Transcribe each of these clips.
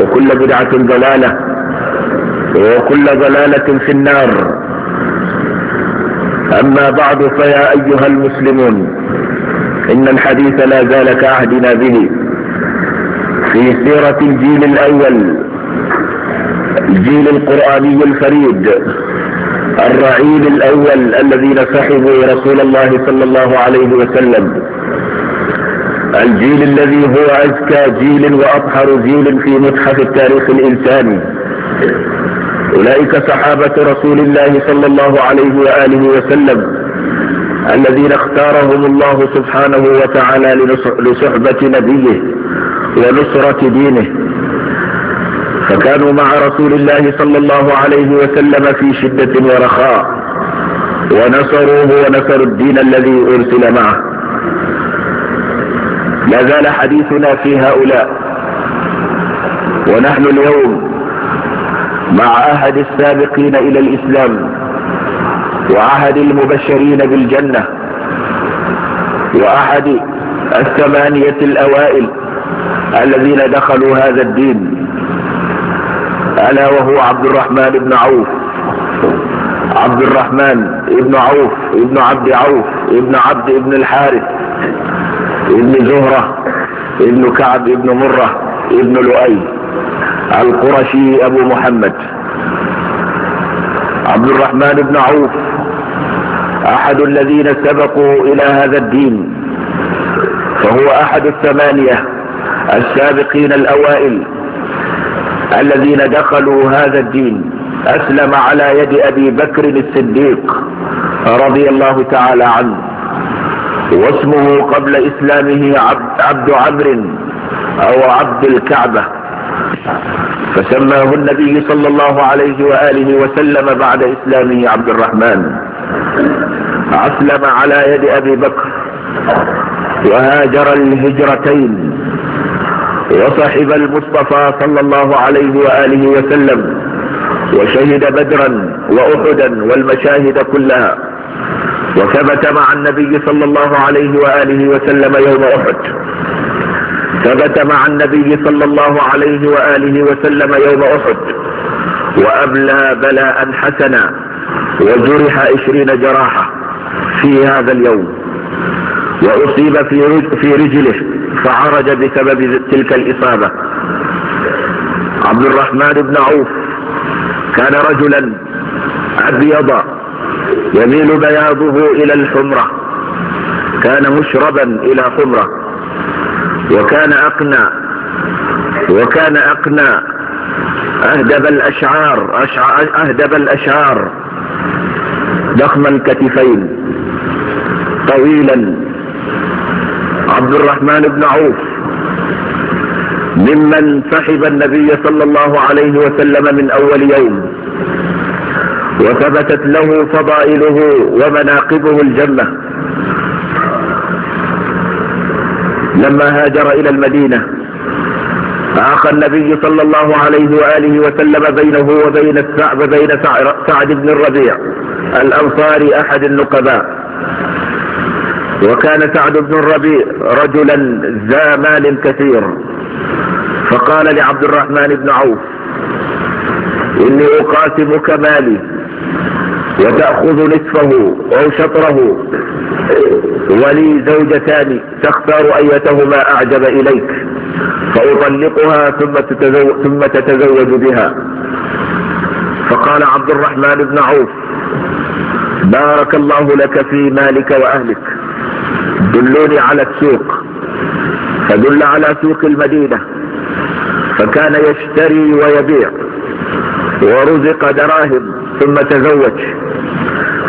وكل بدعة ضلالة وكل ضلالة في النار أما بعد فيا أيها المسلمون إن الحديث لا زال كعهدنا به في سيرة الجيل الأول الجيل القرآني الفريد الرعيل الأول الذين صحبوا رسول الله صلى الله عليه وسلم الجيل الذي هو أزكى جيل وأطهر جيل في متحف التاريخ الإنساني أولئك صحابة رسول الله صلى الله عليه وآله وسلم الذين اختارهم الله سبحانه وتعالى لصحبة نبيه ونصرة دينه فكانوا مع رسول الله صلى الله عليه وسلم في شدة ورخاء ونصروه ونصروا الدين الذي أرسل معه ما زال حديثنا في هؤلاء ونحن اليوم مع أحد السابقين إلى الإسلام وعهد المبشرين بالجنة وعهد الثمانية الأوائل الذين دخلوا هذا الدين ألا وهو عبد الرحمن بن عوف عبد الرحمن بن عوف بن عبد عوف بن عبد بن الحارث ابن زهرة ابن كعب ابن مرة ابن لؤي القرشي ابو محمد عبد الرحمن بن عوف احد الذين سبقوا الى هذا الدين فهو احد الثمانية السابقين الاوائل الذين دخلوا هذا الدين اسلم على يد ابي بكر الصديق رضي الله تعالى عنه واسمه قبل إسلامه عبد, عبد أو عبد الكعبة فسماه النبي صلى الله عليه وآله وسلم بعد إسلامه عبد الرحمن أسلم على يد أبي بكر وهاجر الهجرتين وصحب المصطفى صلى الله عليه وآله وسلم وشهد بدرا وأحدا والمشاهد كلها وثبت مع النبي صلى الله عليه وآله وسلم يوم أحد ثبت مع النبي صلى الله عليه وآله وسلم يوم أحد وأبلى بلاء حسنا وجرح عشرين جراحة في هذا اليوم وأصيب في رجله فعرج بسبب تلك الإصابة عبد الرحمن بن عوف كان رجلا أبيضا يميل بياضه إلى الحمرة كان مشربا إلى حمرة وكان أقنى وكان أقنى أهدب الأشعار أهدب الأشعار ضخم الكتفين طويلا عبد الرحمن بن عوف ممن صحب النبي صلى الله عليه وسلم من أول يوم وثبتت له فضائله ومناقبه الجنة لما هاجر إلى المدينة فأخى النبي صلى الله عليه وآله وسلم بينه وبين السعب بين سعد بن الربيع الأنصاري أحد النقباء وكان سعد بن الربيع رجلا ذا مال كثير فقال لعبد الرحمن بن عوف إني أقاسمك مالي وتأخذ نصفه أو شطره ولي زوجتان تختار أيتهما أعجب إليك فأطلقها ثم تتزوج, ثم تتزوج بها فقال عبد الرحمن بن عوف بارك الله لك في مالك وأهلك دلوني على السوق فدل على سوق المدينة فكان يشتري ويبيع ورزق دراهم ثم تزوج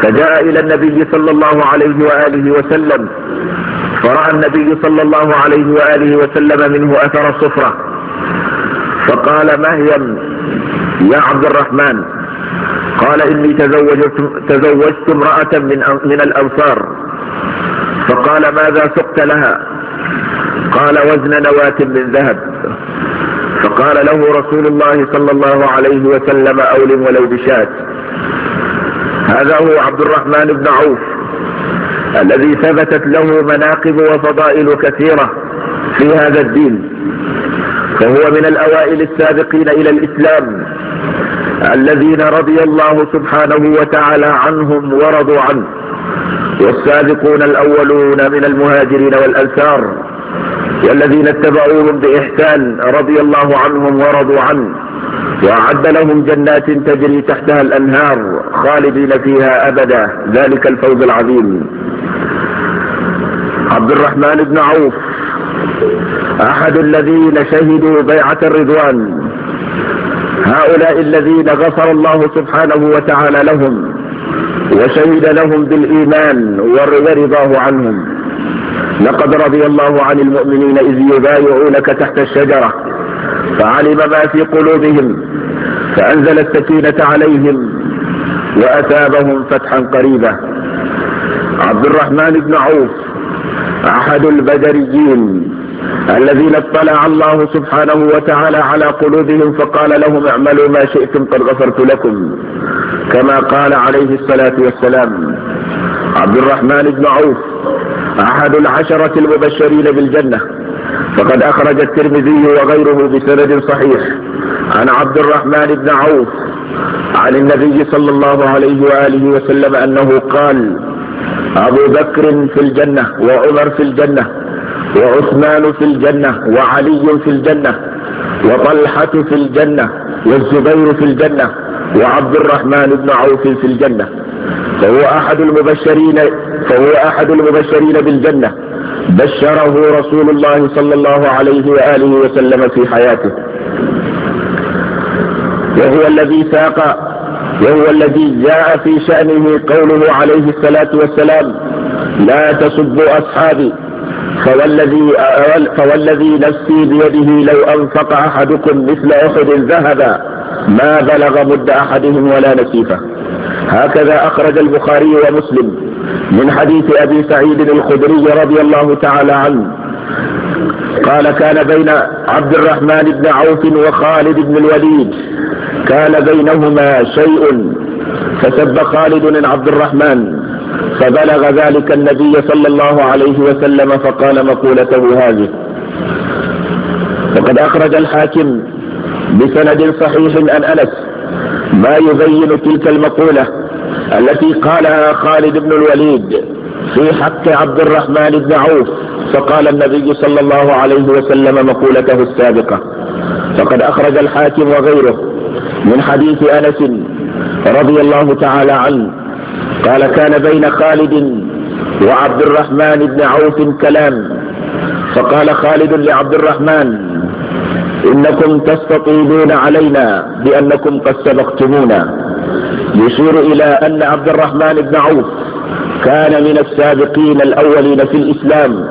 فجاء إلى النبي صلى الله عليه وآله وسلم فرأى النبي صلى الله عليه وآله وسلم منه أثر الصفرة فقال مهيم يا عبد الرحمن قال إني تزوجت, تزوجت امرأة من, من الأنصار فقال ماذا سقت لها قال وزن نواة من ذهب فقال له رسول الله صلى الله عليه وسلم أولم ولو بشات هذا هو عبد الرحمن بن عوف الذي ثبتت له مناقب وفضائل كثيرة في هذا الدين فهو من الأوائل السابقين إلى الإسلام الذين رضي الله سبحانه وتعالى عنهم ورضوا عنه والسابقون الأولون من المهاجرين والأنصار والذين اتبعوهم بإحسان رضي الله عنهم ورضوا عنه وأعد لهم جنات تجري تحتها الأنهار خالدين فيها أبدا ذلك الفوز العظيم عبد الرحمن بن عوف أحد الذين شهدوا بيعة الرضوان هؤلاء الذين غفر الله سبحانه وتعالى لهم وشهد لهم بالإيمان ورضاه عنهم لقد رضي الله عن المؤمنين إذ يبايعونك تحت الشجرة فعلم ما في قلوبهم فأنزل السكينة عليهم وأثابهم فتحا قريبا عبد الرحمن بن عوف أحد البدريين الذين اطلع الله سبحانه وتعالى على قلوبهم فقال لهم اعملوا ما شئتم قد غفرت لكم كما قال عليه الصلاة والسلام عبد الرحمن بن عوف أحد العشرة المبشرين بالجنة فقد أخرج الترمذي وغيره بسند صحيح عن عبد الرحمن بن عوف عن النبي صلى الله عليه وآله وسلم أنه قال أبو بكر في الجنة وعمر في الجنة وعثمان في الجنة وعلي في الجنة وطلحة في الجنة والزبير في الجنة وعبد الرحمن بن عوف في الجنة فهو أحد المبشرين فهو أحد المبشرين بالجنة بشره رسول الله صلى الله عليه وآله وسلم في حياته وهو الذي ساق وهو الذي جاء في شأنه قوله عليه الصلاة والسلام لا تسبوا أصحابي فوالذي, فوالذي نفسي بيده لو أنفق أحدكم مثل أحد ذهبا ما بلغ مد أحدهم ولا نسيفه هكذا أخرج البخاري ومسلم من حديث أبي سعيد الخدري رضي الله تعالى عنه قال كان بين عبد الرحمن بن عوف وخالد بن الوليد كان بينهما شيء فسب خالد عبد الرحمن فبلغ ذلك النبي صلى الله عليه وسلم فقال مقولته هذه وقد أخرج الحاكم بسند صحيح عن أنس ما يبين تلك المقولة التي قالها خالد بن الوليد في حق عبد الرحمن بن عوف فقال النبي صلى الله عليه وسلم مقولته السابقة فقد أخرج الحاكم وغيره من حديث أنس رضي الله تعالى عنه قال كان بين خالد وعبد الرحمن بن عوف كلام فقال خالد لعبد الرحمن إنكم تستطيلون علينا بأنكم قد سبقتمونا يشير إلى أن عبد الرحمن بن عوف كان من السابقين الأولين في الإسلام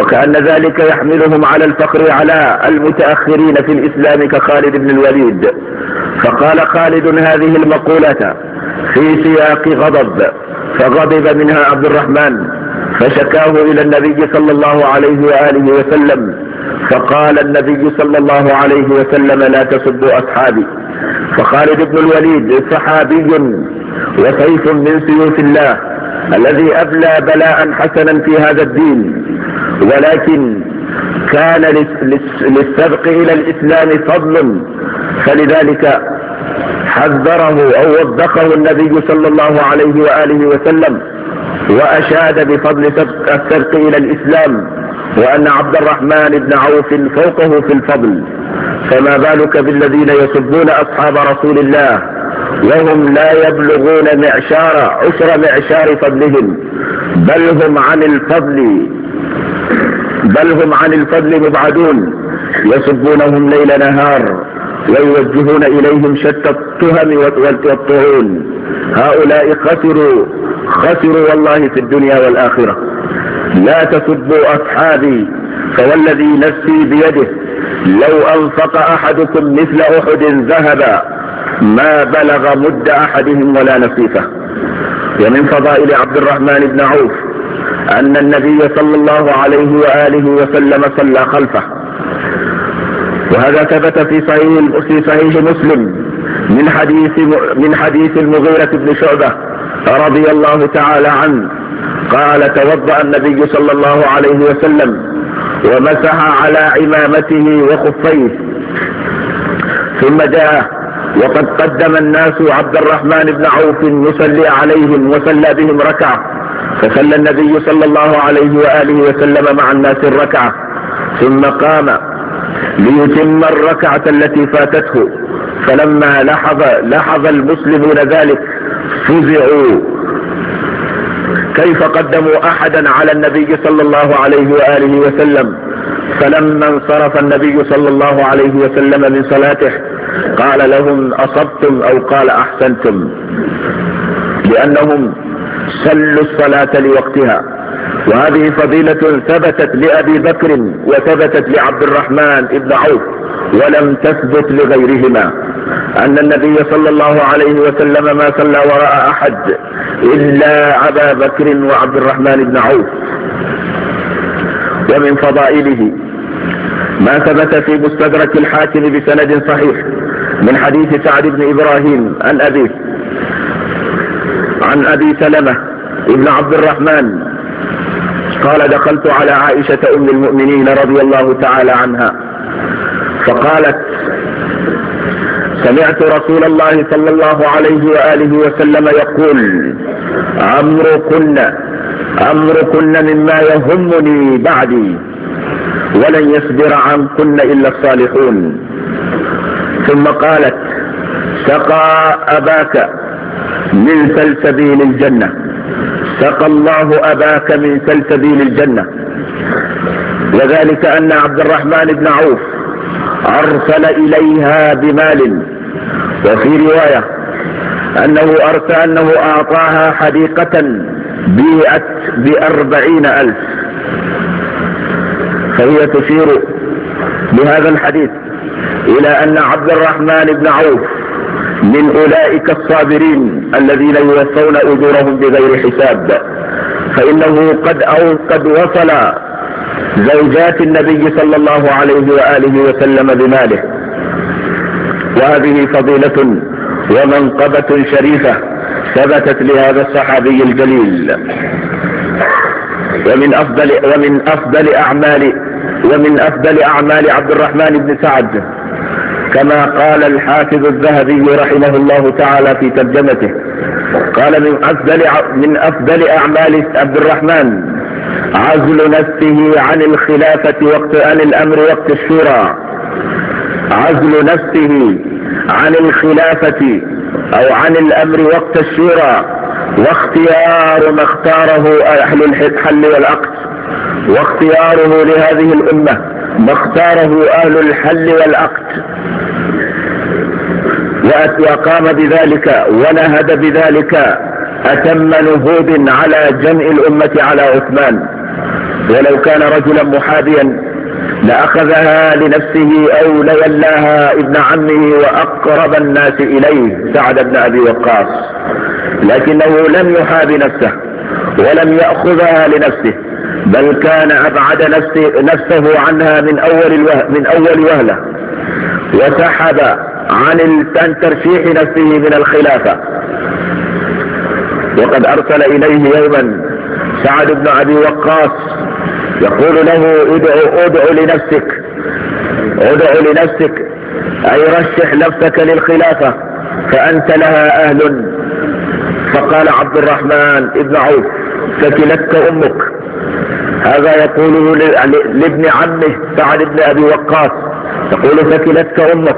وكأن ذلك يحملهم على الفخر على المتأخرين في الإسلام كخالد بن الوليد فقال خالد هذه المقولة في سياق غضب فغضب منها عبد الرحمن فشكاه إلى النبي صلى الله عليه وآله وسلم فقال النبي صلى الله عليه وسلم لا تسبوا أصحابي فخالد بن الوليد صحابي وسيف من سيوف الله الذي أبلى بلاء حسنا في هذا الدين ولكن كان للسبق إلى الإسلام فضل فلذلك حذره أو وضقه النبي صلى الله عليه وآله وسلم وأشاد بفضل السبق إلى الإسلام وأن عبد الرحمن بن عوف فوقه في الفضل فما بالك بالذين يسبون أصحاب رسول الله وهم لا يبلغون معشار عشر معشار فضلهم بل هم عن الفضل بل هم عن الفضل مبعدون يسبونهم ليل نهار ويوجهون إليهم شتى التهم والطعون هؤلاء خسروا خسروا والله في الدنيا والآخرة لا تسبوا أصحابي فوالذي نفسي بيده لو أنفق أحدكم مثل أحد ذهبا ما بلغ مد أحدهم ولا نصيفه ومن فضائل عبد الرحمن بن عوف أن النبي صلى الله عليه وآله وسلم صلى خلفه وهذا ثبت في صحيح في صحيح مسلم من حديث من حديث المغيرة بن شعبة رضي الله تعالى عنه قال توضأ النبي صلى الله عليه وسلم ومسح على عمامته وخفيه ثم جاء وقد قدم الناس عبد الرحمن بن عوف يصلي عليهم وصلى بهم ركعة فصلى النبي صلى الله عليه وآله وسلم مع الناس الركعة ثم قام ليتم الركعة التي فاتته فلما لحظ لحظ المسلمون ذلك فزعوا كيف قدموا احدا على النبي صلى الله عليه وآله وسلم فلما انصرف النبي صلى الله عليه وسلم من صلاته قال لهم اصبتم او قال احسنتم لانهم صلوا الصلاة لوقتها وهذه فضيلة ثبتت لأبي بكر وثبتت لعبد الرحمن بن عوف ولم تثبت لغيرهما أن النبي صلى الله عليه وسلم ما صلى وراء أحد إلا أبا بكر وعبد الرحمن بن عوف ومن فضائله ما ثبت في مستدرك الحاكم بسند صحيح من حديث سعد بن إبراهيم عن أبيه عن أبي سلمة ابن عبد الرحمن قال دخلت على عائشة أم المؤمنين رضي الله تعالى عنها فقالت سمعت رسول الله صلى الله عليه وآله وسلم يقول أمركن أمركن مما يهمني بعدي ولن يصبر عنكن إلا الصالحون ثم قالت سقى أباك من سلسبيل الجنة سقى الله أباك من سلسبيل الجنة وذلك أن عبد الرحمن بن عوف أرسل إليها بمال وفي رواية أنه أرسى أنه أعطاها حديقة بيئت بأربعين ألف فهي تشير بهذا الحديث إلى أن عبد الرحمن بن عوف من أولئك الصابرين الذين يوفون أجورهم بغير حساب فإنه قد أو قد وصل زوجات النبي صلى الله عليه وآله وسلم بماله وهذه فضيلة ومنقبة شريفة ثبتت لهذا الصحابي الجليل ومن افضل ومن افضل اعمال ومن افضل اعمال عبد الرحمن بن سعد كما قال الحافظ الذهبي رحمه الله تعالى في ترجمته قال من افضل من افضل اعمال عبد الرحمن عزل نفسه عن الخلافة وقت عن الامر وقت الشورى عزل نفسه عن الخلافة او عن الامر وقت الشورى واختيار ما اختاره اهل الحل والعقد واختياره لهذه الامة ما اختاره اهل الحل والعقد وقام بذلك ونهد بذلك اتم نهوب على جمع الامة على عثمان ولو كان رجلا محاذيا لأخذها لنفسه أو ليلاها ابن عمه وأقرب الناس إليه سعد بن أبي وقاص لكنه لم يحاب نفسه ولم يأخذها لنفسه بل كان أبعد نفسه, عنها من أول, الوه من أول وهلة وسحب عن عن ترشيح نفسه من الخلافة وقد أرسل إليه يوما سعد بن أبي وقاص يقول له ادعو ادعو لنفسك ادعو لنفسك أي رشح نفسك للخلافة فأنت لها أهل فقال عبد الرحمن ابن عوف فتلك أمك هذا يقوله لابن عمه سعد بن أبي وقاص يقول فتلتك أمك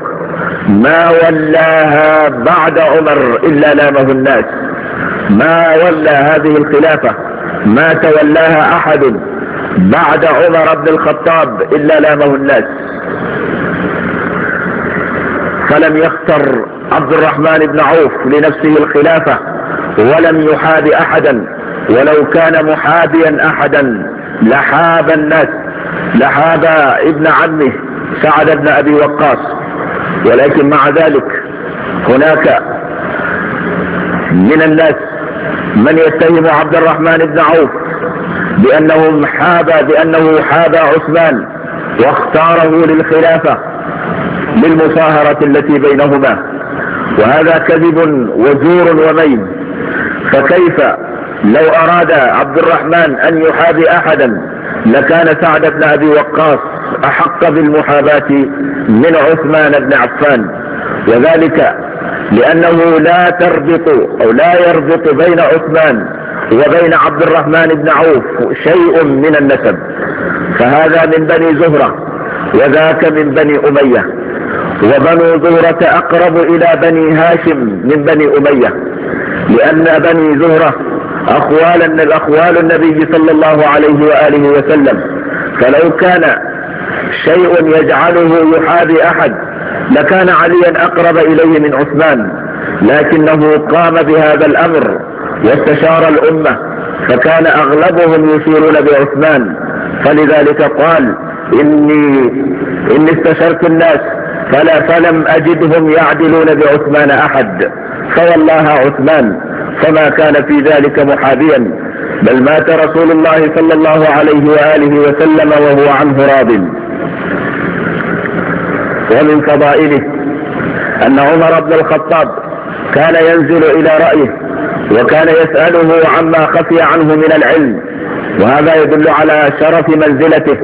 ما ولاها بعد عمر إلا لامه الناس ما ولى هذه الخلافة ما تولاها أحد بعد عمر بن الخطاب إلا لامه الناس فلم يختر عبد الرحمن بن عوف لنفسه الخلافة ولم يحاب أحدا ولو كان محابيا أحدا لحاب الناس لحاب ابن عمه سعد بن أبي وقاص ولكن مع ذلك هناك من الناس من يتهم عبد الرحمن بن عوف بانه حاب بأنه حاب عثمان واختاره للخلافة للمصاهرة التي بينهما وهذا كذب وزور ومين فكيف لو أراد عبد الرحمن أن يحابي أحدا لكان سعد بن أبي وقاص أحق بالمحاباة من عثمان بن عفان وذلك لأنه لا تربط أو لا يربط بين عثمان وبين عبد الرحمن بن عوف شيء من النسب فهذا من بني زهرة وذاك من بني أمية وبنو زهرة أقرب إلى بني هاشم من بني أمية لأن بني زهرة أخوال أخوال النبي صلى الله عليه وآله وسلم فلو كان شيء يجعله يحابي أحد لكان عليا أقرب إليه من عثمان لكنه قام بهذا الأمر واستشار الأمة فكان أغلبهم يشيرون بعثمان فلذلك قال إني, إني استشرت الناس فلا فلم أجدهم يعدلون بعثمان أحد فوالله عثمان فما كان في ذلك محابيا بل مات رسول الله صلى الله عليه وآله وسلم وهو عنه راض ومن فضائله أن عمر بن الخطاب كان ينزل إلى رأيه وكان يسأله عما خفي عنه من العلم وهذا يدل على شرف منزلته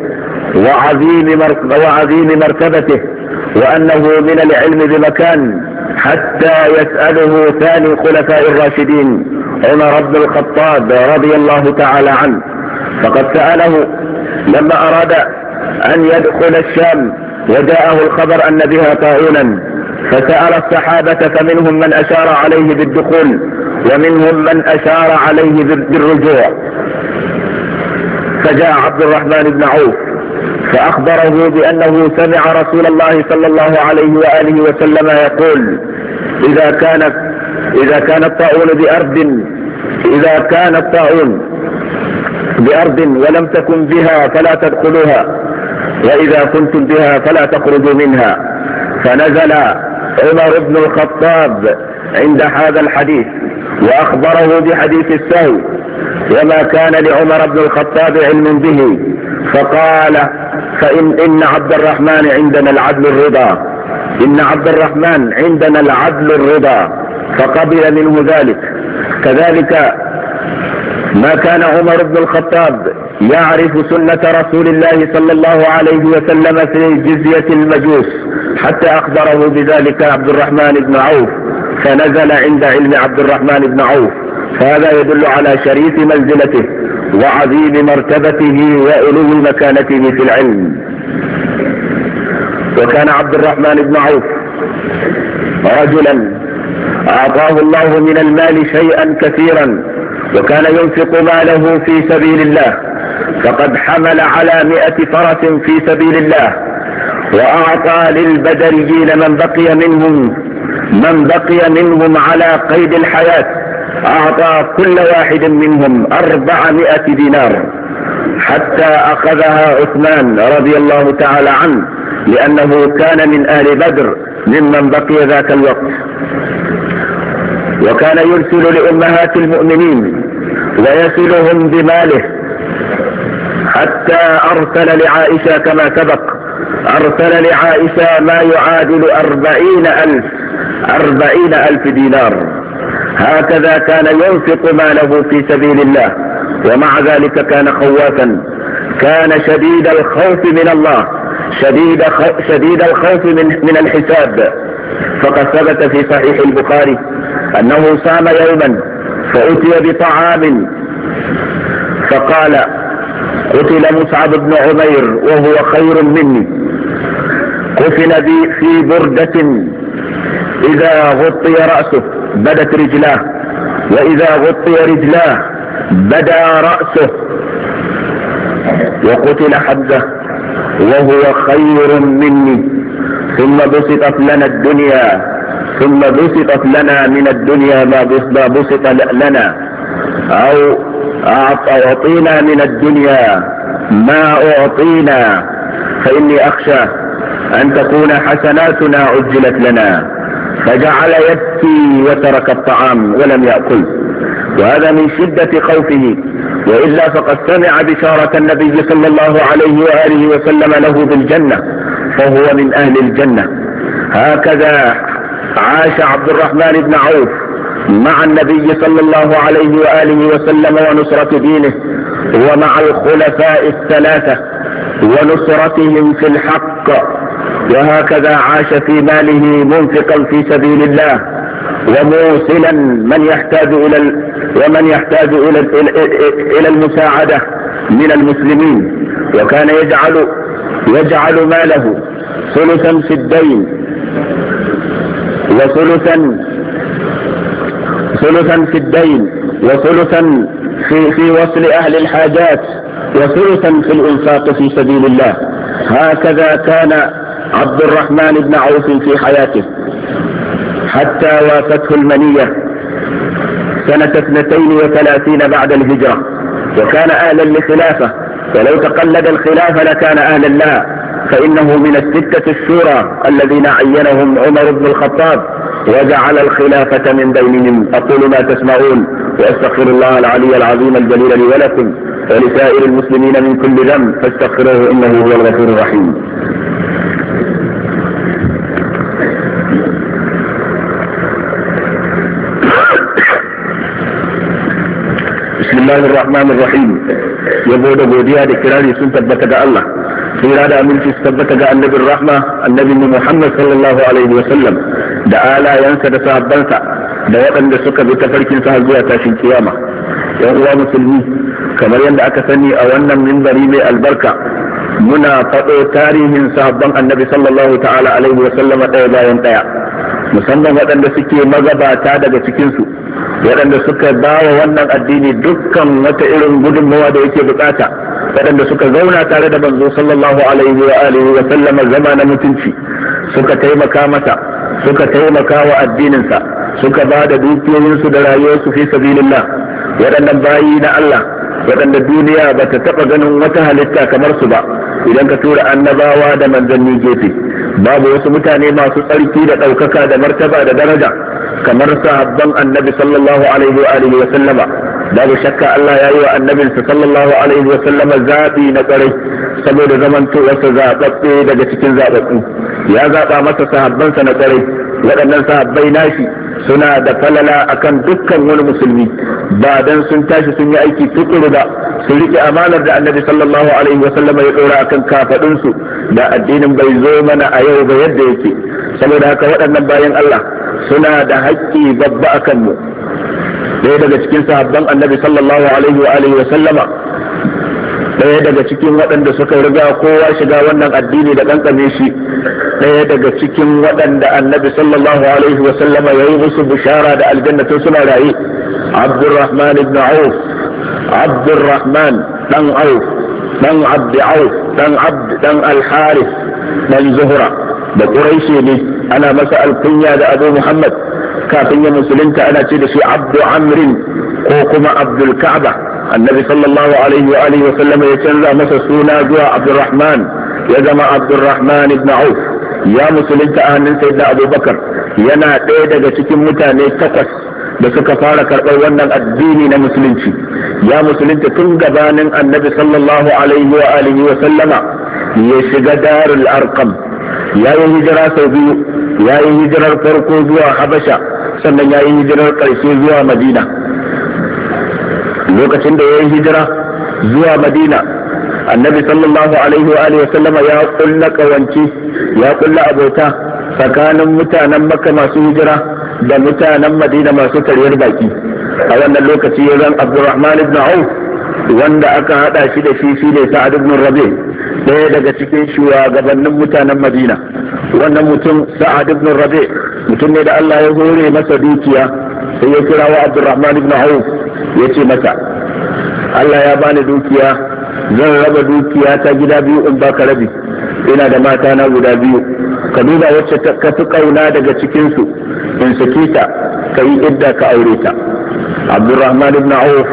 وعظيم, وعظيم مرتبته وأنه من العلم بمكان حتى يسأله ثاني خلفاء الراشدين عمر بن الخطاب رضي الله تعالى عنه فقد سأله لما أراد أن يدخل الشام وجاءه الخبر أن بها طاعونا فسأل الصحابة فمنهم من أشار عليه بالدخول ومنهم من أشار عليه بالرجوع فجاء عبد الرحمن بن عوف فأخبره بأنه سمع رسول الله صلى الله عليه وآله وسلم يقول إذا كانت إذا كان الطاعون بأرض إذا كان الطاعون بأرض ولم تكن بها فلا تدخلوها وإذا كنتم بها فلا تخرجوا منها فنزل عمر بن الخطاب عند هذا الحديث واخبره بحديث السوء وما كان لعمر بن الخطاب علم به فقال فإن إن عبد الرحمن عندنا العدل الرضا إن عبد الرحمن عندنا العدل الرضا فقبل منه ذلك كذلك ما كان عمر بن الخطاب يعرف سنة رسول الله صلى الله عليه وسلم في جزية المجوس حتى أخبره بذلك عبد الرحمن بن عوف فنزل عند علم عبد الرحمن بن عوف فهذا يدل على شريف منزلته وعظيم مرتبته وألو مكانته في العلم وكان عبد الرحمن بن عوف رجلا أعطاه الله من المال شيئا كثيرا وكان ينفق ماله في سبيل الله فقد حمل على مئة فرس في سبيل الله وأعطى للبدريين من بقي منهم من بقي منهم على قيد الحياة أعطى كل واحد منهم أربعمائة دينار حتى أخذها عثمان رضي الله تعالى عنه لأنه كان من أهل بدر ممن بقي ذاك الوقت وكان يرسل لأمهات المؤمنين ويسلهم بماله حتى أرسل لعائشة كما سبق أرسل لعائشة ما يعادل أربعين ألف أربعين ألف دينار هكذا كان ينفق ماله في سبيل الله ومع ذلك كان خوافا كان شديد الخوف من الله شديد شديد الخوف من من الحساب فقد ثبت في صحيح البخاري انه صام يوما فأتي بطعام فقال قتل مصعب بن عمير وهو خير مني قتل بي في بردة إذا غطي رأسه بدت رجلاه وإذا غطي رجلاه بدا رأسه وقتل حمزة وهو خير مني ثم بسطت لنا الدنيا ثم بسطت لنا من الدنيا ما بسط لنا أو أعطينا من الدنيا ما أعطينا فإني أخشى أن تكون حسناتنا عجلت لنا فجعل يبكي وترك الطعام ولم يأكل وهذا من شدة خوفه وإلا فقد سمع بشارة النبي صلى الله عليه وآله وسلم له بالجنة فهو من أهل الجنة هكذا عاش عبد الرحمن بن عوف مع النبي صلى الله عليه وآله وسلم ونصرة دينه ومع الخلفاء الثلاثة ونصرتهم في الحق وهكذا عاش في ماله منفقا في سبيل الله وموصلا من يحتاج الى ومن يحتاج الى الى المساعده من المسلمين وكان يجعل يجعل ماله ثلثا في الدين وثلثا ثلثا في الدين وثلثا في, في وصل أهل الحاجات وثلثا في الإنفاق في سبيل الله هكذا كان عبد الرحمن بن عوف في حياته حتى وافته المنية سنة اثنتين وثلاثين بعد الهجرة وكان أهلا لخلافة ولو تقلد الخلافة لكان أهلا لها فإنه من الستة الشورى الذين عينهم عمر بن الخطاب وجعل الخلافة من بينهم أقول ما تسمعون وأستغفر الله العلي العظيم الجليل لي ولكم ولسائر المسلمين من كل ذنب فاستغفروه إنه هو الغفور الرحيم بسم الله الرحمن الرحيم يبود بوديا ذكرى سنة بكت الله tsira da aminci su tabbata ga annabin rahma annabin muhammad sallallahu alaihi wa sallam da alayansa da sahabbansa da waɗanda suka bi tafarkin sa zuwa tashin kiyama yan uwa musulmi kamar yadda aka sani a wannan mimbari mai albarka muna faɗo tarihin sahabban annabi sallallahu ta'ala alaihi wa sallama ɗaya bayan ɗaya musamman waɗanda suke magabata daga cikinsu waɗanda suka ba wa wannan addini dukkan wata irin gudunmawa da yake bukata waɗanda suka zauna tare da manzo sallallahu alaihi wa alihi wa sallama zama na mutunci suka taimaka mata suka taimaka wa addininsa suka ba da dukiyoyinsu da rayuwarsu fi sabilillah waɗannan bayi na Allah waɗanda duniya ba ta taɓa ganin wata halitta kamar su ba idan ka tura annabawa da manzanni gefe babu wasu mutane masu tsarki da ɗaukaka da martaba da daraja kamar sahabban annabi sallallahu alaihi wa alihi wa sallama babu shakka Allah ya yi wa annabinsa sallallahu alaihi wa sallama zaɓi na ƙwarai saboda zaɓaɓɓe daga cikin zaɓaɓɓu ya zaɓa masa sahabbansa na ƙwarai waɗannan sahabbai nashi suna da falala akan dukkan wani musulmi ba dan sun tashi sun yi aiki tukuru ba su rike amanar da annabi sallallahu alaihi wa sallam ya dora akan kafadun su da addinin bai zo mana a yau ba yadda yake saboda haka waɗannan bayan Allah suna da haƙƙi babba akan mu ɗaya daga cikin sahabban annabi sallallahu alaihi wa alihi wa sallama ɗaya daga cikin waɗanda suka riga kowa shiga wannan addini da kankame shi ɗaya daga cikin waɗanda annabi sallallahu alaihi wa sallama ya yi musu bishara da aljanna tun suna rayu abdurrahman ibn auf abdurrahman dan auf dan auf abd zuhra da quraishi ne ana masa alkunya da abu muhammad kafin ya musulunta ana ce da shi abdu amrin ko kuma abdul annabi sallallahu alaihi wa alihi wa sallam ya canza masa suna zuwa abdurrahman ya zama abdurrahman ibn auf ya musulunta a hannun sayyidina abubakar yana ɗaya daga cikin mutane takwas da suka fara karɓar wannan addini na musulunci ya musulunta tun gabanin annabi sallallahu alaihi wa alihi wa sallama ya shiga darul arqam ya yi hijira sau biyu ya yi hijirar farko zuwa habasha sannan ya yi hijirar ƙarshe zuwa madina lokacin da ya yi hijira zuwa madina annabi sallallahu alaihi wa alihi sallama ya kulla kawanci ya kulla abota tsakanin mutanen maka masu hijira da mutanen madina masu karyar baki a wannan lokaci ya zan abdurrahman ibn auf wanda aka hada shi da shi shi ne sa'ad ibn rabi daya daga cikin shugabannin mutanen madina wannan mutum sa'ad ibn rabi mutum ne da Allah ya hore masa dukiya sai ya kira wa abdurrahman ibn auf ya ce mata Allah ya bani dukiya zan raba dukiya ta gida biyu in baka rabi ina da mata na guda biyu ka nuna wacce ka fi kauna daga cikinsu in saki ta ka yi idda ka aure ta abdurrahman ibn auf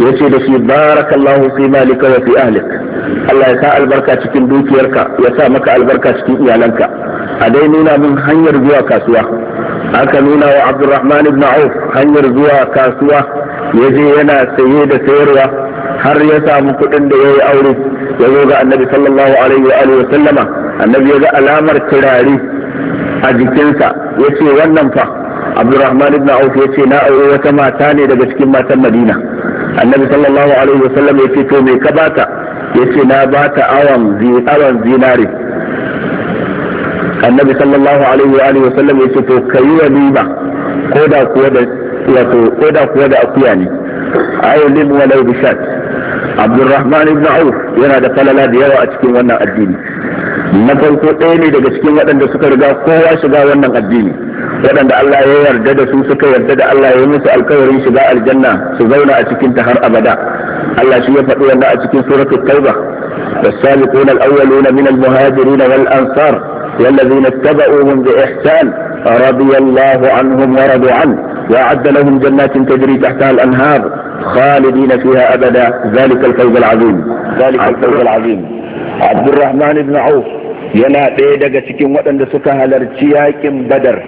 ya ce da shi barakallahu fi malika wa fi ahlik Allah ya sa albarka cikin dukiyarka ya sa maka albarka cikin iyalanka a dai nuna min hanyar zuwa kasuwa aka nuna wa abdurrahman ibn auf hanyar zuwa kasuwa ya je yana saye da sayarwa har ya samu kuɗin da ya yi aure ya zo ga annabi sallallahu alaihi wa alihi sallama annabi ya ga alamar turare a jikinsa ya ce wannan fa abdurrahman ibn auf ya ce na aure wata mata ne daga cikin matan madina annabi sallallahu alaihi wa sallam ya ce to me ka bata ya ce na bata awan zinare annabi sallallahu alaihi wa alihi ya ce to kayi walima ko da kuwa da wato kuwa da akuya ne ayyulin walau bishat abdurrahman ibn auf yana da falala da yawa a cikin wannan addini na farko ɗaya ne daga cikin waɗanda suka riga kowa shiga wannan addini waɗanda Allah ya yarda da su suka yarda da Allah ya musu alkawarin shiga aljanna su zauna a cikin ta har abada Allah shi ya faɗi wannan a cikin suratul tauba والسابقون الأولون من المهاجرين والأنصار والذين اتبعوهم بإحسان رضي الله عنهم ورضوا عنه واعد لهم جنات تجري تحتها الانهار خالدين فيها ابدا ذلك الفوز العظيم ذلك الفوز العظيم عبد الرحمن بن عوف ينا ديدغا سكين ودان سكا هلرتي بدر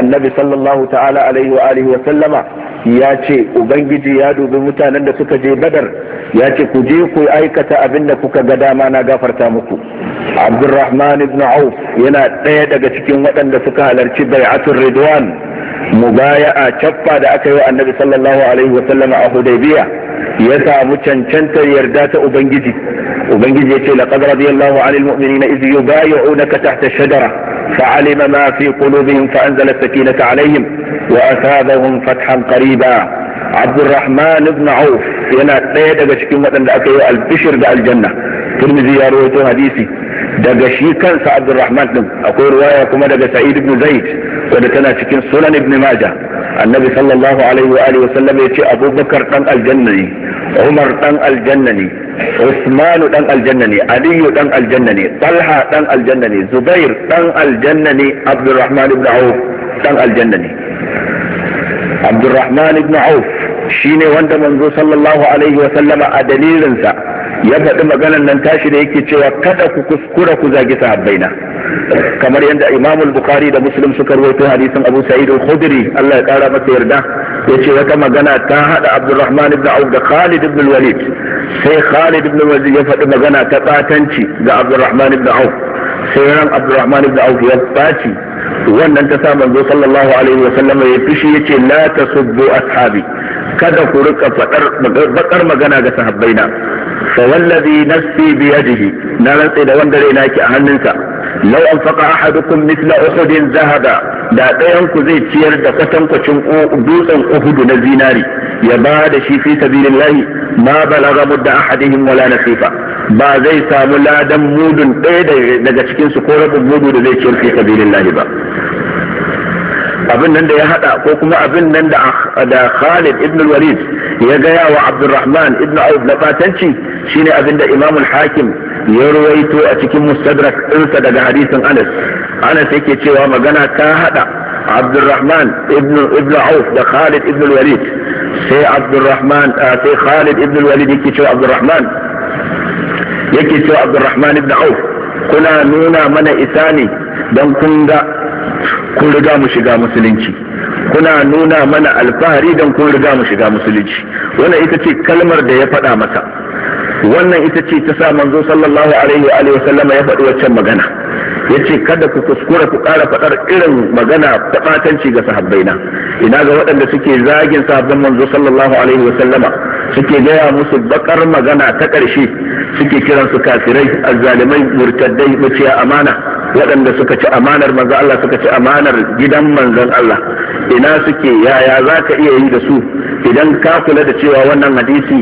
النبي صلى الله تعالى عليه واله وسلم ياتي وبنجي جياد دوبي متانن سكا جي بدر ياتي كوجي كو أيكة أبنك كوكا ما نا غفرتا عبد الرحمن بن عوف ينا ديدغا سكين ودان سكا هلرتي بيعه الرضوان mubaya'a cappa da aka yi wa annabi sallallahu alaihi wasallam a hudaybiya ya samu cancantar yarda ta ubangiji ubangiji yace laqad radiyallahu anil mu'minina iz yubayyi'unaka tahta shajara fa'alima ma fi qulubihim fa'anzala sakinata alaihim wa asabahum fathan qariba Abdurrahman ibn Auf yana ɗaya daga cikin waɗanda aka yi albishir da aljanna Tirmidhi ya rawaito hadisi daga shi kansa Abdurrahman din akwai ruwaya kuma daga Sa'id ibn Zaid wanda tana cikin sunan ibn maja annabi sallallahu alaihi wa alihi wasallam ya ce abubakar dan aljanna ne umar dan aljanna ne usmanu dan aljanna ne aliyu dan aljanna ne talha dan aljanna ne zubair dan aljanna ne abdurrahman ibn auf dan aljanna ne abdurrahman ibn auf shine wanda manzo sallallahu alaihi wa sallama a dalilinsa ya faɗi maganar nan tashi da yake cewa kada ku kuskura ku zagi sahabbaina kamar yadda imam bukhari da muslim suka rawaito hadisin abu sa'id al-khudri Allah ya kara masa yarda yace wata magana ta hada abdurrahman ibn auf da khalid ibn walid sai khalid ibn walid ya faɗi magana ta tsatanci ga abdurrahman ibn auf sai ran abdurrahman ibn auf ya tsaci wannan ta sa manzo sallallahu alaihi wa sallam ya fishi yace la tasubbu ashabi kada ku rika faɗar bakar magana ga sahabbaina fa wallazi nafsi yadihi na rantsa da wanda raina ke a hannunsa lau an faka ahadukum mithla uhudin zahaba da ɗayan ku zai ciyar da kwatankwacin dutsen uhudu na zinari ya ba da shi fi sabilillahi ma balaga da ahadihim wala nasifa ba zai samu ladan mudun daya daga cikin su ko rabin mudu da zai ciyar fi sabilillahi ba abin nan da ya hada ko kuma abin nan da Khalid ibn walid ya gaya wa Abdurrahman ibn Auf na batanci shine abin da Imam hakim ya ruwaito a cikin mustadrak ɗinsa daga hadisin anas anas yake cewa magana ta hada abdurrahman ibn ibn auf da khalid ibn walid sai abdurrahman sai khalid ibn walid yake cewa abdurrahman yake cewa abdurrahman ibn auf kuna nuna mana isa ne don kun ga kun riga mu shiga musulunci kuna nuna mana alfahari don kun riga mu shiga musulunci wannan ita ce kalmar da ya faɗa masa wannan ita ce ta sa manzo sallallahu alaihi wa alihi sallama ya faɗi waccan magana yace kada ku kuskura ku ƙara faɗar irin magana ta fatanci ga sahabbaina ina ga waɗanda suke zagin sahabban manzo sallallahu alaihi wa sallama suke gaya musu bakar magana ta ƙarshe suke kiran su kafirai azzalimai murtaddai maciya amana waɗanda suka ci amanar manzo Allah suka ci amanar gidan manzon Allah ina suke yaya za ka iya yi da su idan ka kula da cewa wannan hadisi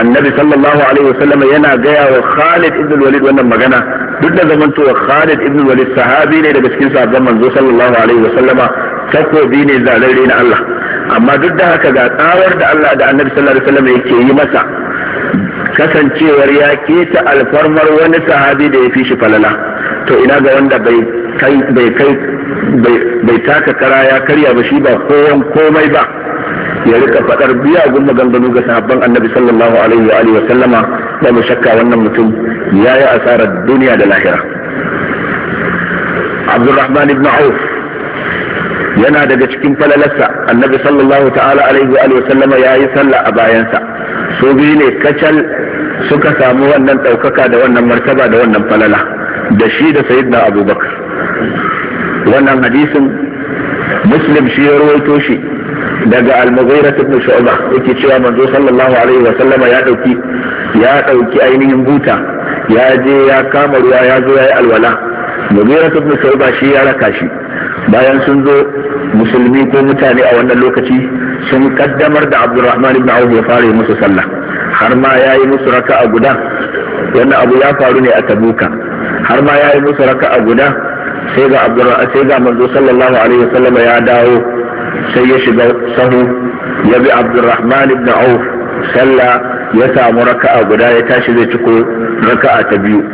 annabi sallallahu alaihi wasallam yana gaya wa Khalid ibn Walid wannan magana duk da zamantowa Khalid ibn Walid sahabi ne daga cikin sahabban manzo sallallahu alaihi wasallama takobi ne zalalai na Allah amma duk da haka ga tsawar da Allah da annabi sallallahu alaihi wasallam yake yi masa kasancewar ya keta alfarmar wani sahabi da ya fi shi falala to ina ga wanda bai taka kara ya karya ba shi ba kowan komai ba ya rika fadar biyagun maganganu ga sahabban annabi sallallahu alaihi wa sallama ba mu shakka wannan mutum ya yi asarar duniya da lahira Abdulrahman ibn auf yana daga cikin falalarsa annabi sallallahu ta'ala alaihi wa wa sallama ya yi sallah a bayansa su biyu ne kacal suka samu wannan ɗaukaka da wannan martaba da wannan falala da shi da sayyidina abubakar wannan hadisin muslim shi ya rawaito shi daga al ibn shu'ba yake cewa manzo sallallahu alaihi wa sallama ya dauki ya dauki ainihin buta ya je ya kama ruwa ya zo ya yi alwala mughira ibn shu'ba shi ya raka shi bayan sun zo musulmi ko mutane a wannan lokaci sun kaddamar da abdurrahman ibn auf ya fara musu sallah har ma ya yi musu raka a guda wannan abu ya faru ne a tabuka har ma ya yi musu raka a guda sai ga sai ga manzo sallallahu alaihi wasallam ya dawo sai ya shiga sahu ya bi abdurrahman ibn auf sallah ya samu raka'a guda ya tashi zai ciko raka'a ta biyu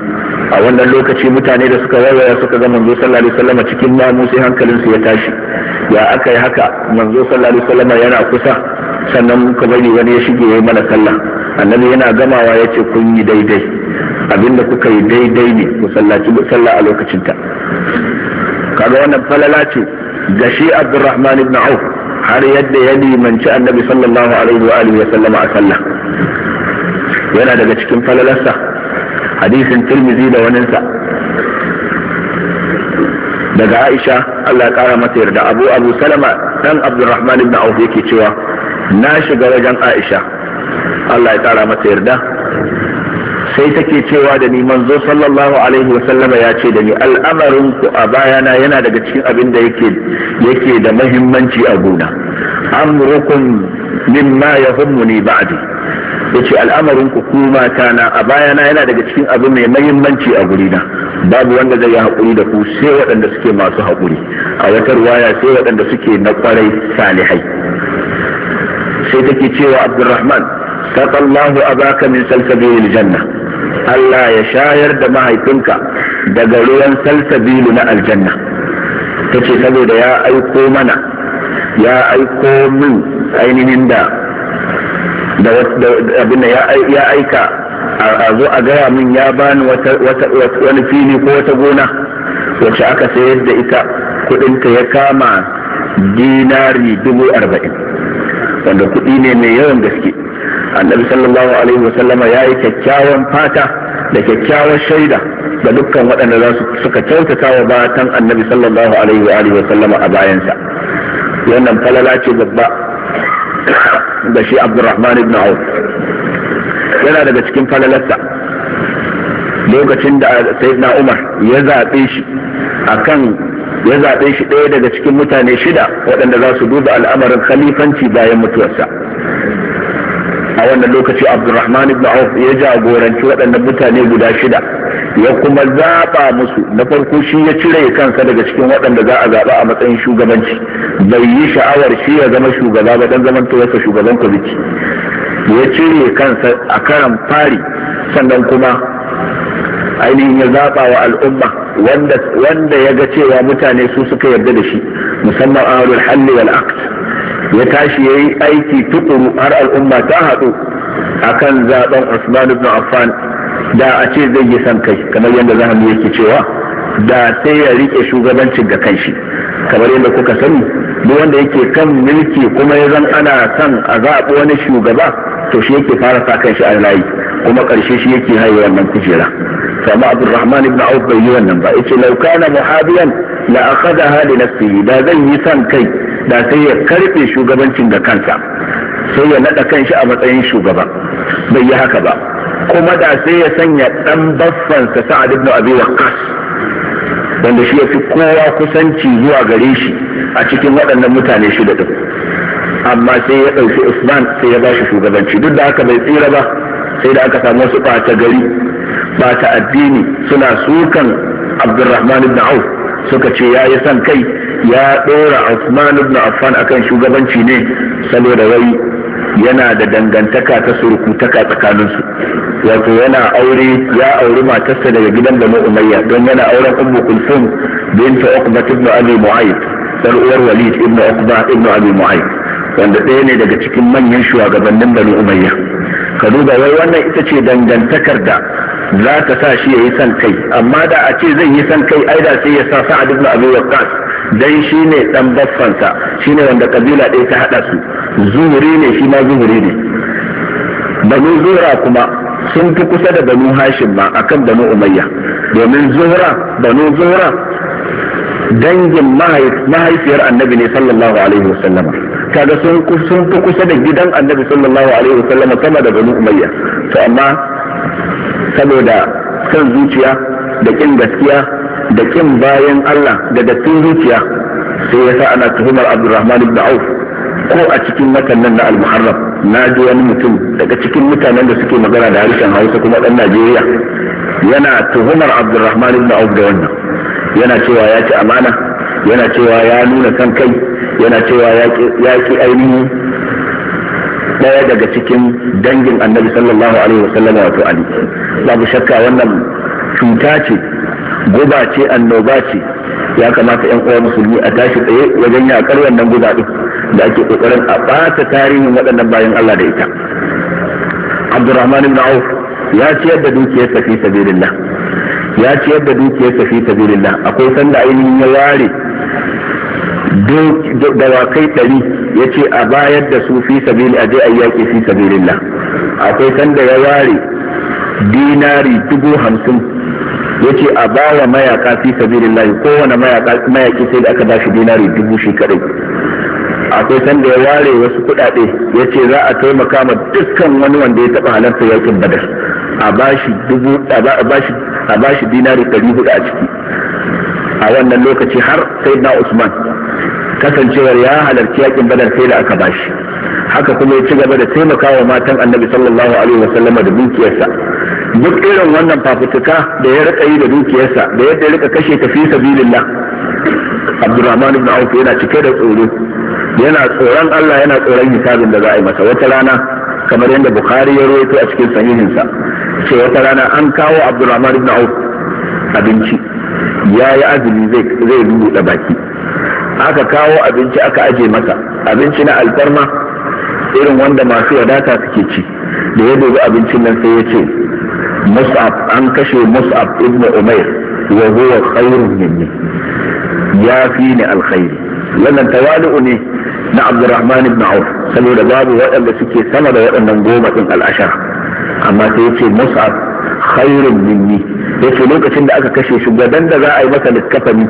a wannan lokaci mutane da suka waiwaya suka ga manzo sallallahu alaihi wasallam cikin mamu sai hankalin su ya tashi ya aka yi haka manzo sallallahu alaihi wasallam yana kusa sannan muka bari wani ya shige ya mana sallah annabi yana gamawa ya ce kun yi daidai abinda kuka yi daidai ne ku sallaci sallah a lokacinta kaga wannan falala ce ga shi abdurrahman ibn auf har yadda ya limanci annabi sallallahu alaihi wa alihi wa sallama a sallah yana daga cikin falalarsa hadisin tirmizi da waninsa daga aisha allah ya kara mata yarda abu abu salama dan abdurrahman ibn auf yake cewa na shiga wajen aisha Allah ya kara mata yarda sai take cewa da ni manzo sallallahu alaihi wa sallama ya ce da ni al'amarin ku a bayana yana daga cikin abin da yake yake da muhimmanci a gona amrukum mimma yahummuni ba'di yace al'amarin ku kuma tana a bayana yana daga cikin abu mai muhimmanci a na babu wanda zai yi haƙuri da ku sai waɗanda suke masu haƙuri a wata ruwaya sai waɗanda suke na kwarai salihai sai take cewa abdurrahman saka Allahu abaka min salsabilil janna Allah ya shayar da mahaifinka daga ruwan salsabilu na aljanna tace saboda ya aiko mana ya aiko min ainihin da da abin ya aika a zo a gaya min ya bani wani fili ko wata gona wacce aka sayar da ita kudinta ya kama dinari dubu arba'in wanda kuɗi ne mai yawan gaske annabi sallallahu alaihi wa sallama ya yi kyakkyawan fata da kyakkyawar shaida ga dukkan waɗanda za su suka kyautata wa batan annabi sallallahu alaihi wa sallama a bayansa wannan falala ce babba da shi abdurrahman ibn auf yana daga cikin falalarsa lokacin da sayyidina umar ya zaɓe shi akan ya zaɓe shi ɗaya daga cikin mutane shida waɗanda za su duba al'amarin khalifanci bayan mutuwarsa a wannan lokaci abdurrahman ibn auf ya jagoranci waɗannan mutane guda shida ya kuma zaɓa musu na farko shi ya cire kansa daga cikin waɗanda za a zaɓa a matsayin shugabanci bai yi sha'awar shi ya zama shugaba ba dan zaman wasa shugaban kwamiti ya cire kansa a karan fari sannan kuma ainihin ya zaɓa wa al'umma wanda ya ga cewa mutane su suka yarda da shi musamman ahlul halli wal act. ya tashi ya yi aiki tukuru har al'umma ta haɗu akan zaben Usman ibn Affan da a ce zai yi san kai kamar yadda zahabi yake cewa da sai ya rike shugabancin ga kanshi kamar yadda kuka sani duk wanda yake kan mulki kuma ya zan ana son a zaɓi wani shugaba to shi yake fara sa kanshi a layi kuma ƙarshe shi yake haye wannan kujera sama abdurrahman ibn auf bai yi wannan ba yace law kana muhabiyan la akhadaha li nafsihi da zan yi san kai da sai ya karbe shugabancin da kansa sai ya naɗa kanshi a matsayin shugaba bai yi haka ba kuma da sai ya sanya ɗan baffansa sa'ad ibn abi waqqas wanda shi ya fi kowa kusanci zuwa gare shi a cikin waɗannan mutane shida din amma sai ya ɗauki usman sai ya ba shi shugabanci duk da haka bai tsira ba sai da aka samu wasu ɓata gari ɓata addini suna sukan abdurrahman ibn auf suka ce ya yi son kai ya ɗora Usman ibn Affan akan shugabanci ne saboda wai yana da dangantaka ta surukutaka tsakaninsu wato yana aure ya auri matarsa daga gidan Banu Umayya don yana auren Ummu Kulthum bint Uqba ibn Abi Mu'ayth dan uwar Walid ibn Uqba ibn Abi Mu'ayth wanda ɗaya ne daga cikin manyan shugabannin Banu Umayya ka duba wai wannan ita ce dangantakar da za ta sa shi ya yi son kai amma da a ce zai yi son kai aida sai ya sa sa'ad ibn Abi Waqqas dan shi ne dan baffansa shi ne wanda kabila ɗaya ta haɗa su zuhuri ne shi ma zuhuri ne banu zuhra kuma sun fi kusa da banu hashim ma akan banu umayya domin zuhra banu zuhra dangin mahaifiyar annabi ne sallallahu alaihi wasallama kaga sun sun fi kusa da gidan annabi sallallahu alaihi wasallama sama da banu umayya to amma saboda kan zuciya da kin gaskiya da kin bayan Allah da dattin zuciya sai ya sa ana tuhumar Abdulrahman ibn Auf ko a cikin matan nan na al-Muharram na ji wani mutum daga cikin mutanen da suke magana da harshen Hausa kuma dan Najeriya yana tuhumar Abdulrahman ibn Auf da wannan yana cewa ya ci amana yana cewa ya nuna kan kai yana cewa ya ki ainihin daya daga cikin dangin annabi sallallahu alaihi wasallam wato ali babu shakka wannan cuta ce guba ce annoba ce ya kamata yan uwa musulmi a tashi tsaye wajen yakar wannan guba din da ake kokarin a ɓata tarihin waɗannan bayan Allah da ita Abdurrahman ibn Auf ya ciyar da dukiyarsa fi sabilillah ya ciyar da dukiyarsa fi sabilillah akwai sanda ainihin ya ware dawakai ɗari ya ce a bayar da su fi sabili a je a yaƙi fi sabilillah akwai sanda ya ware dinari dubu hamsin yace a bawa mayaka fi sabilillahi kowane mayaka mayaki sai da aka ba shi dinari dubu shi kadai akwai sanda ya ware wasu kudade yace za a taimaka ma dukkan wani wanda ya taba halarta yakin badar a shi dubu a shi a shi dinari 400 a ciki a wannan lokaci har sai na Usman kasancewar ya halarci yakin badar sai da aka ba shi haka kuma ya ci gaba da taimakawa matan annabi sallallahu alaihi wasallama da dukiyarsa duk irin wannan fafutuka da ya rika yi da dukiyarsa da yadda ya rika kashe ta fi sabilillah Abdurrahman ibn Auf yana cike da tsoro yana tsoron Allah yana tsoron hisabin da za a yi masa wata rana kamar yadda Bukhari ya rawaito a cikin sahihinsa ce wata rana an kawo Abdurrahman ibn Auf abinci ya yi azumi zai zai da baki aka kawo abinci aka aje masa abinci na alfarma irin wanda masu wadata suke ci da ya dubi abincin nan sai ya ce mus'ab an kashe mus'ab ibn umair wa huwa khairun minni ya fi ni alkhairi wannan tawali'u ne na abdurrahman ibn auf saboda babu waɗanda suke sama da waɗannan goma ɗin al'asha. amma sai ya ce mus'ab khairun minni yace lokacin da aka kashe shi gadan da za a yi masa likkafani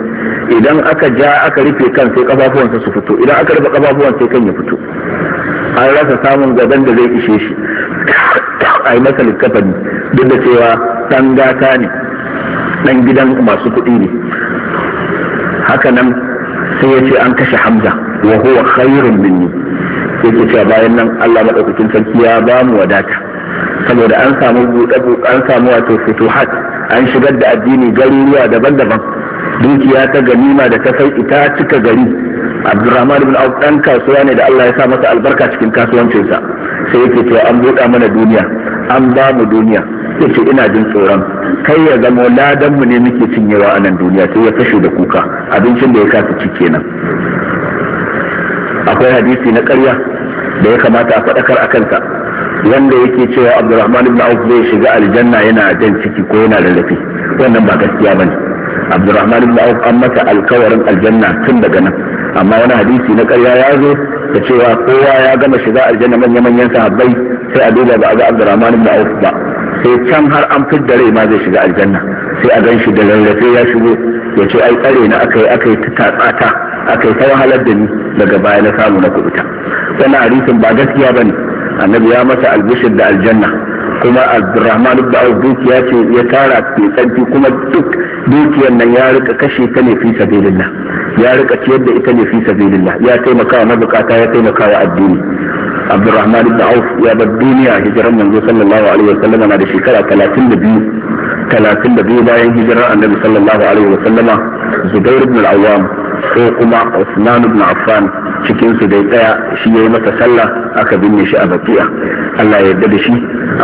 idan aka rufe kan sai kafafuwansa su fito idan aka rufe kafafuwan sai kan ya fito an rasa samun gaban da zai ishe shi a yi masa likkafani duk da cewa ɗan gata ne ɗan gidan masu kuɗi ne haka nan sai ya ce an kashe hamza wa huwa khairun minni sai ke cewa bayan nan Allah tun sarki ya ba mu wadata saboda an samu buɗe an samu wato futuhat an shigar da addini garuruwa daban-daban dukiya ta ganima da ta sai ita cika gari Abdurrahman ibn Auf dan kasuwa ne da Allah ya sa masa albarka cikin kasuwancinsa sai yake cewa an buɗa mana duniya an ba mu duniya sai ce ina jin tsoron kai ya zamo ladan mu ne muke cinyewa a nan duniya sai ya kashe da kuka abincin da ya kasa ci kenan akwai hadisi na ƙarya da ya kamata a faɗakar a kansa wanda yake cewa abdurrahman ibn auf zai shiga aljanna yana jan ciki ko yana rarrafe wannan ba gaskiya bane abdurrahman ibn auf an mata alkawarin aljanna tun daga nan amma wani hadisi na ƙarya ya zo da cewa kowa ya gama shiga aljanna manya-manyan sahabbai sai a duba ba a ga abdurrahman ibn auf ba sai can har an fidda rai ma zai shiga aljanna sai a gan shi da lallafe ya shigo ya ce ai tsare na aka yi aka yi ta tsata aka yi ta wahalar da ni daga baya na samu na kubuta wannan hadisin ba gaskiya bane annabi ya masa albishir da aljanna kuma abdurrahman ibn auf dukiya ce ya tara tsanti kuma duk dukiyar nan ya rika kashe ta ne fi sabilillah ya rika ciyar da ita ne fi sabilillah ya taimaka wa mabukata ya taimaka wa addini abdurrahman ibn auf ya bar duniya hijirar manzo sallallahu alaihi wasallam na da shekara 32 32 bayan hijirar annabi sallallahu alaihi wasallama zubair ibn al-awwam ko kuma Usman ibn Affan cikin su dai tsaya shi yayi masa sallah aka binne shi a bakiya Allah ya yarda da shi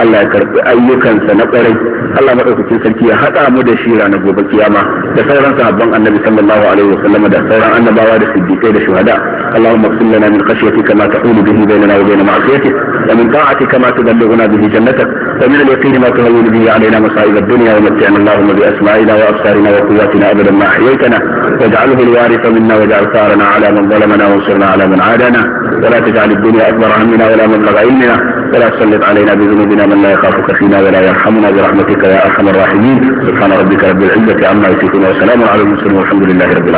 Allah ya karbi ayyukansa na kwarai Allah madaukakin sarki ya hada mu da shi ranar gobe kiyama da sauran sahabban Annabi sallallahu alaihi wasallam da sauran annabawa da siddiqai da shuhada اللهم اغفر لنا من خشيتك ما تحول به بيننا وبين معصيتك ومن طاعتك ما تبلغنا به جنتك فمن اليقين ما تهون به علينا مصائب الدنيا ومتعنا اللهم باسمائنا وابصارنا وقواتنا ابدا ما احييتنا واجعله الوارث منا واجعل ثارنا على من ظلمنا وانصرنا على من عادانا ولا تجعل الدنيا اكبر همنا ولا مبلغ علمنا ولا تسلط علينا بذنوبنا من لا يخافك فينا ولا يرحمنا برحمتك يا ارحم الراحمين سبحان ربك رب العزه عما يصفون وسلام على المسلمين والحمد لله رب العالمين